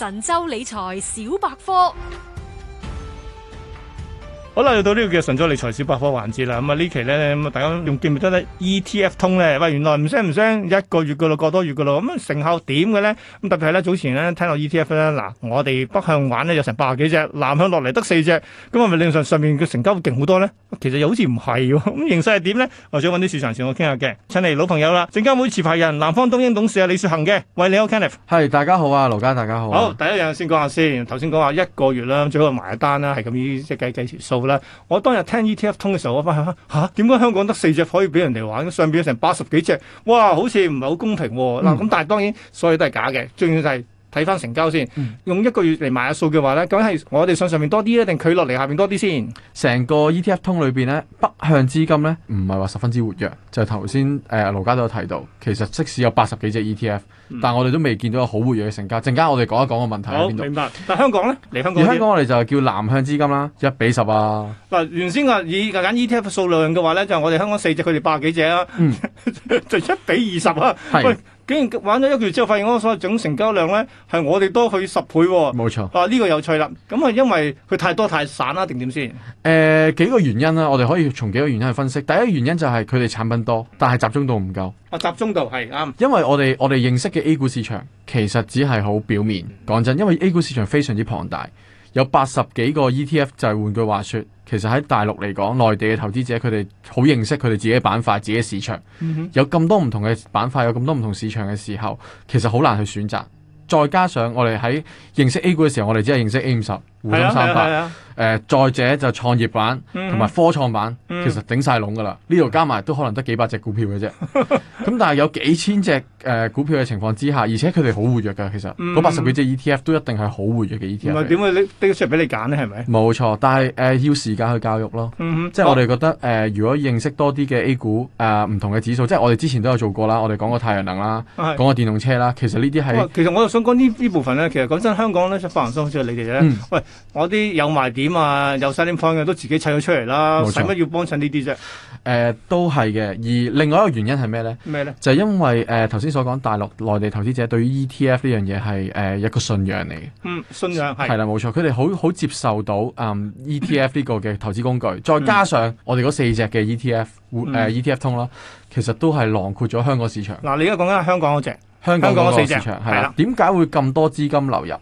神州理財小百科。好啦，到呢個叫神州理財小百科環節啦。咁啊，呢期咧，咁啊，大家用記唔記得咧？ETF 通咧，喂，原來唔聲唔聲一個月嘅咯，過多月嘅咯。咁成效點嘅咧？咁特別係咧，早前咧聽到 ETF 咧，嗱，我哋北向玩咧有成八十幾隻，南向落嚟得四隻。咁係咪令上上面嘅成交勁好多咧？其實又好似唔係喎。咁形勢係點咧？我想揾啲市場先我傾下嘅。請嚟老朋友啦，證監會持牌人、南方東英董事啊李雪恒嘅，喂，你好，Kenneth。係，大家好啊，盧嘉，大家好。好，第一樣先講下先。頭先講下一個月啦，最好埋買單啦，係咁依即計計條數我當日聽 ETF 通嘅時候，我想、啊，我翻嚇點解香港得四隻可以俾人哋玩，上邊有成八十幾隻，哇！好似唔係好公平喎。嗱，咁但係當然，所有都係假嘅，最重要就係。睇翻成交先，用一個月嚟買下數嘅話咧，究竟係我哋上上面多啲咧，定佢落嚟下邊多啲先？成個 ETF 通裏邊咧，北向資金咧唔係話十分之活躍，就頭先誒盧家都有提到，其實即使有八十幾隻 ETF，、嗯、但係我哋都未見到有好活躍嘅成交。陣間我哋講一講個問題喺邊度？好，明白，但香港咧，嚟香港香港我哋就叫南向資金啦，一比十啊。嗱，原先嘅以揀 ETF 數量嘅話咧，就係、是、我哋香港四隻，佢哋百啊幾隻啊，嗯、 就一比二十啊。是竟然玩咗一個月之後，發現我所謂總成交量呢，係我哋多佢十倍喎。哦。冇錯，啊呢，呢個有趣啦。咁啊，因為佢太多太散啦，定點先？誒、呃、幾個原因啦、啊，我哋可以從幾個原因去分析。第一個原因就係佢哋產品多，但係集中度唔夠。啊，集中度係啱。因為我哋我哋認識嘅 A 股市場其實只係好表面講、嗯、真，因為 A 股市場非常之龐大。有八十幾個 ETF，就係換句話説，其實喺大陸嚟講，內地嘅投資者佢哋好認識佢哋自己嘅板塊、自己嘅市場。Mm hmm. 有咁多唔同嘅板塊，有咁多唔同市場嘅時候，其實好難去選擇。再加上我哋喺認識 A 股嘅時候，我哋只係認識 A 五十。滬深300，誒再者就創業板同埋科創板，其實頂晒籠噶啦，呢度加埋都可能得幾百隻股票嘅啫。咁但係有幾千隻誒股票嘅情況之下，而且佢哋好活躍噶，其實嗰八十幾隻 ETF 都一定係好活躍嘅 ETF。唔係點會拎拎出嚟俾你揀呢？係咪？冇錯，但係誒要時間去教育咯。即係我哋覺得誒，如果認識多啲嘅 A 股誒唔同嘅指數，即係我哋之前都有做過啦。我哋講過太陽能啦，講過電動車啦，其實呢啲係其實我就想講呢呢部分咧。其實講真，香港咧真發行商好似係你哋咧，喂。我啲有賣點啊，有晒 e 方 l 嘅都自己砌咗出嚟啦，使乜錯要幫襯呢啲啫？誒、呃，都係嘅。而另外一個原因係咩咧？咩咧？就係因為誒、頭、呃、先所講大陸內地投資者對於 ETF 呢樣嘢係誒一個信仰嚟嘅。嗯，信仰係。係啦，冇錯，佢哋好好接受到誒、嗯、ETF 呢個嘅投資工具，再加上我哋嗰四隻嘅 ETF，誒 ETF 通啦，其實都係囊括咗香港市場。嗱、嗯嗯嗯啊，你而家講緊香港嗰隻，香港嗰四隻係啦。點解會咁多資金流入？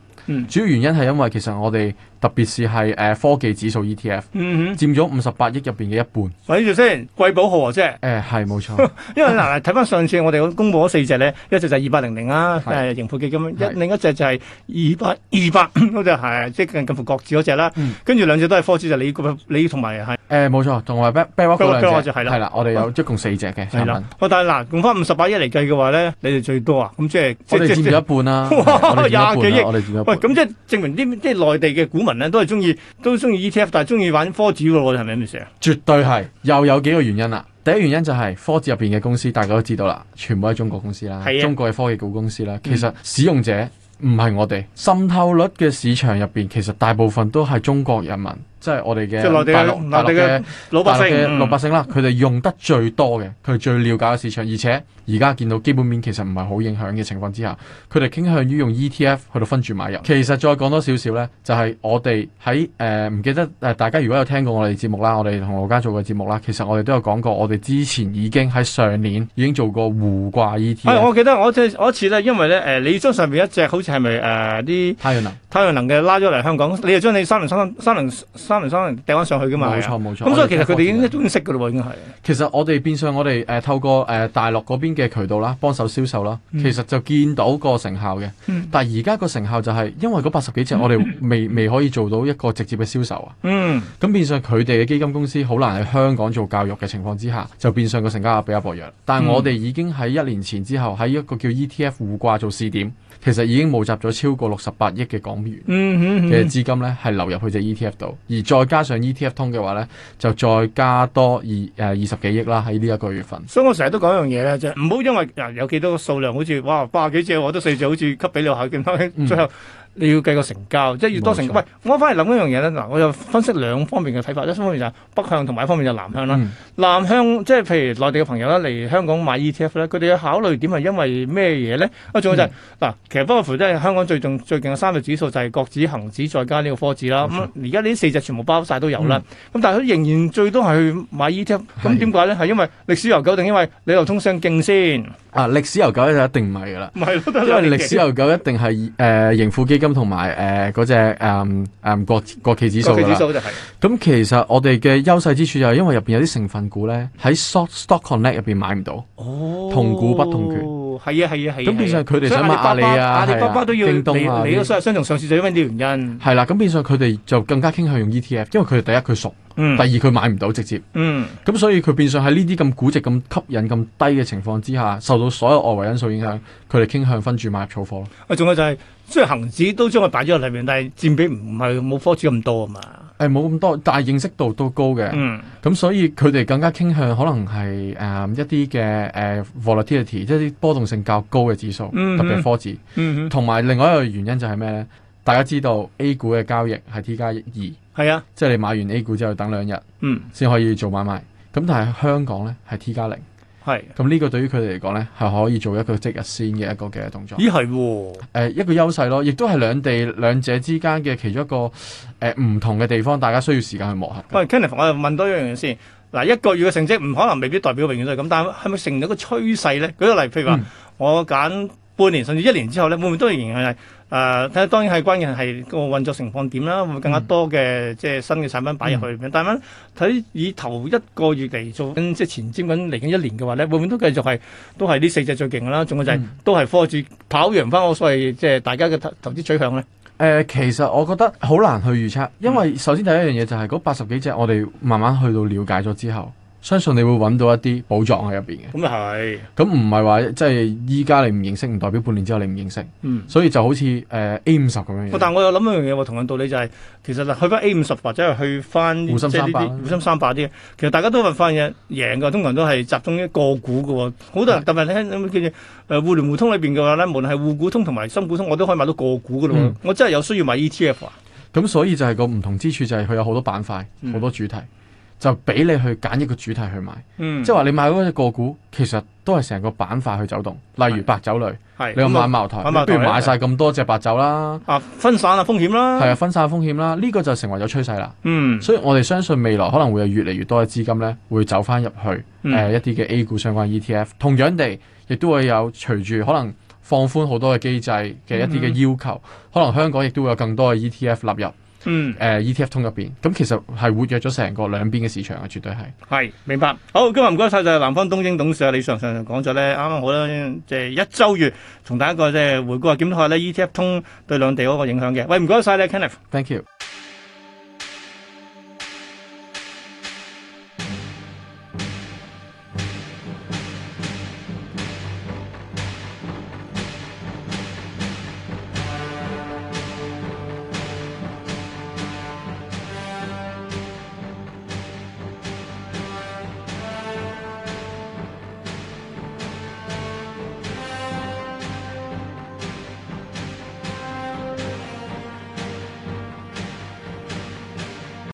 主要原因係因為其實我哋。特別是係誒科技指數 ETF，佔咗五十八億入邊嘅一半。睇住先，貴寶號即係誒係冇錯，因為嗱睇翻上次我哋公佈咗四隻咧，一隻就係二百零零啦，係盈富基金，一另一隻就係二百二百嗰隻係即係近近乎國指嗰隻啦，跟住兩隻都係科指就你國同埋係誒冇錯，同埋北北係啦，我哋有一共四隻嘅。係啦，但係嗱用翻五十八億嚟計嘅話咧，你哋最多啊？咁即係我哋佔住一半啦，廿幾億，喂，咁即係證明啲即係內地嘅股。都係中意，都中意 ETF，但係中意玩科子嘅喎，我哋係咪咁嘅意思啊？絕對係，又有幾個原因啦。第一原因就係、是、科子入邊嘅公司，大家都知道啦，全部係中國公司啦，是的 中國嘅科技股公司啦。其實使用者唔係我哋，滲透率嘅市場入邊，其實大部分都係中國人民。即係我哋嘅大陸大陸嘅老百姓，老百姓啦，佢哋、嗯、用得最多嘅，佢最了解嘅市場，而且而家見到基本面其實唔係好影響嘅情況之下，佢哋傾向於用 ETF 去到分住買入。其實再講多少少咧，就係、是、我哋喺誒唔記得誒，大家如果有聽過我哋節目啦，我哋同羅家做嘅節目啦，其實我哋都有講過，我哋之前已經喺上年已經做過互掛 ETF。誒、哎，我記得我即係嗰次咧，因為咧誒，你將上邊一隻好似係咪誒啲太陽能太陽能嘅拉咗嚟香港，你就將你三零三三零。三零三零掟翻上去噶嘛？冇錯冇錯。咁那麼 所以其實佢哋已經都識噶咯喎，已經係。其實我哋變相我哋誒、呃、透過誒、呃、大陸嗰邊嘅渠道啦，幫手銷售啦，嗯、其實就見到個成效嘅。嗯、但係而家個成效就係因為嗰八十幾隻，我哋、嗯、未未可以做到一個直接嘅銷售啊。嗯。咁變相佢哋嘅基金公司好難喺香港做教育嘅情況之下，就變相個成交額比較薄弱。但係我哋已經喺一年前之後喺一個叫 ETF 互掛做試點。其實已經募集咗超過六十八億嘅港元嘅資金咧，係流入去隻 ETF 度，而再加上 ETF 通嘅話咧，就再加多二誒二十幾億啦。喺呢一個月份，所以我成日都講一樣嘢咧，即係唔好因為啊有幾多個數量，好似哇八啊幾隻，我都四隻，好似吸俾你下咁多。最後，嗯。你要計個成交，即係要多成交。喂，我翻嚟諗一樣嘢咧。嗱，我又分析兩方面嘅睇法。一方面就係北向，同埋一方面就南向啦。嗯、南向即係譬如內地嘅朋友咧嚟香港買 ETF 咧，佢哋嘅考慮點係因為咩嘢咧？啊，仲有就係、是、嗱，嗯、其實不外乎都係香港最近最勁嘅三隻指數就係國指、恒指，再加呢個科指啦。咁而家呢四隻全部包晒都有啦。咁、嗯、但係佢仍然最多係買 ETF 的。咁點解咧？係因為歷史悠久定因為你又通商勁先？啊，歷史悠久就一定唔係噶啦。 因為歷史悠久一定係誒盈富基金。同埋誒嗰隻誒誒國國企指數嘅，咁、就係、其實我哋嘅優勢之處就係因為入邊有啲成分股咧喺 Stock Connect 入邊買唔到，哦、同股不同權，係啊係啊係。咁變相佢哋想買阿里巴巴啊，阿里巴巴都要、啊、你你都你你相同上市就因為啲原因，係啦、啊。咁變相佢哋就更加傾向用 ETF，因為佢哋第一佢熟。第二佢買唔到直接，咁、嗯、所以佢變相喺呢啲咁估值咁吸引咁低嘅情況之下，受到所有外圍因素影響，佢哋傾向分注買入儲貨咯。啊，仲有就係、是、雖然恒指都將佢擺咗入裏面，但係佔比唔係冇科指咁多啊嘛。誒、欸，冇咁多，但係認識度都高嘅。嗯，咁所以佢哋更加傾向可能係誒、呃、一啲嘅誒、呃、volatility，即係啲波動性較高嘅指數，嗯、哼特別係科指。同埋另外一個原因就係咩咧？大家知道 A 股嘅交易係 T 加二。2。係是啊，即係你買完 A 股之後等兩日，嗯，先可以做買賣。咁、嗯、但係香港咧係 T 加零，係咁呢個對於佢哋嚟講咧係可以做一個即日鮮嘅一個嘅動作。咦係喎，誒、啊呃、一個優勢咯，亦都係兩地兩者之間嘅其中一個誒唔、呃、同嘅地方。大家需要時間去磨合。喂，Kenneth，我又問多一樣嘢先。嗱，一個月嘅成績唔可能未必代表永遠都係咁，但係咪成咗個趨勢咧？舉個例，譬如話、嗯、我揀半年甚至一年之後咧，會唔會都係仍然係？誒睇，uh, 當然係關鍵係個運作情況點啦，會,會更加多嘅、嗯、即係新嘅產品擺入去？嗯、但係睇以頭一個月嚟做，即係前瞻緊嚟緊一年嘅話咧，會唔會都繼續係都係呢四隻最勁嘅啦？重點就係、是嗯、都係科 o 跑贏翻我所謂即係大家嘅投投資取向咧。誒、呃，其實我覺得好難去預測，因為首先第一樣嘢就係嗰八十幾隻，嗯、我哋慢慢去到了解咗之後。相信你會揾到一啲寶藏喺入邊嘅。咁又係。咁唔係話即係依家你唔認識，唔代表半年之後你唔認識。嗯、所以就好似誒、呃、A 五十咁樣。我但我有諗一樣嘢喎，同樣道理就係、是，其實去翻 A 五十或者係去翻，滬深三百。滬深三百啲，的其實大家都發現贏嘅，通常都係集中於個股嘅喎。好多人，特別聽咁叫嘢誒，互聯互通裏邊嘅話咧，無論係滬股通同埋深股通，我都可以買到個股嘅咯喎。嗯、我真係有需要買 ETF 啊。咁、嗯、所以就係個唔同之處就係佢有好多板塊，好多主題。嗯就俾你去揀一個主題去買，即係話你買嗰隻個,個股，其實都係成個板塊去走動。嗯、例如白酒類，的你又買茅台，我不如買晒咁多隻白酒啦。啊，分散啊風險啦。係啊，分散風險啦。呢、呢個就成為咗趨勢啦。嗯，所以我哋相信未來可能會有越嚟越多嘅資金咧，會走翻入去誒、嗯呃、一啲嘅 A 股相關 ETF。同樣地，亦都會有隨住可能放寬好多嘅機制嘅一啲嘅要求，嗯嗯可能香港亦都會有更多嘅 ETF 納入。嗯，誒、 呃、ETF 通入邊，咁其實係活躍咗成個兩邊嘅市場啊，絕對係。係，明白。好，今日唔該晒就係南方東英董事啊，李雪恒就講咗咧，啱啱好啦，即係一週月，同大家一個即係回顧啊，檢討下咧 ETF 通對兩地嗰個影響嘅。喂，唔該晒你，Kenneth，thank you。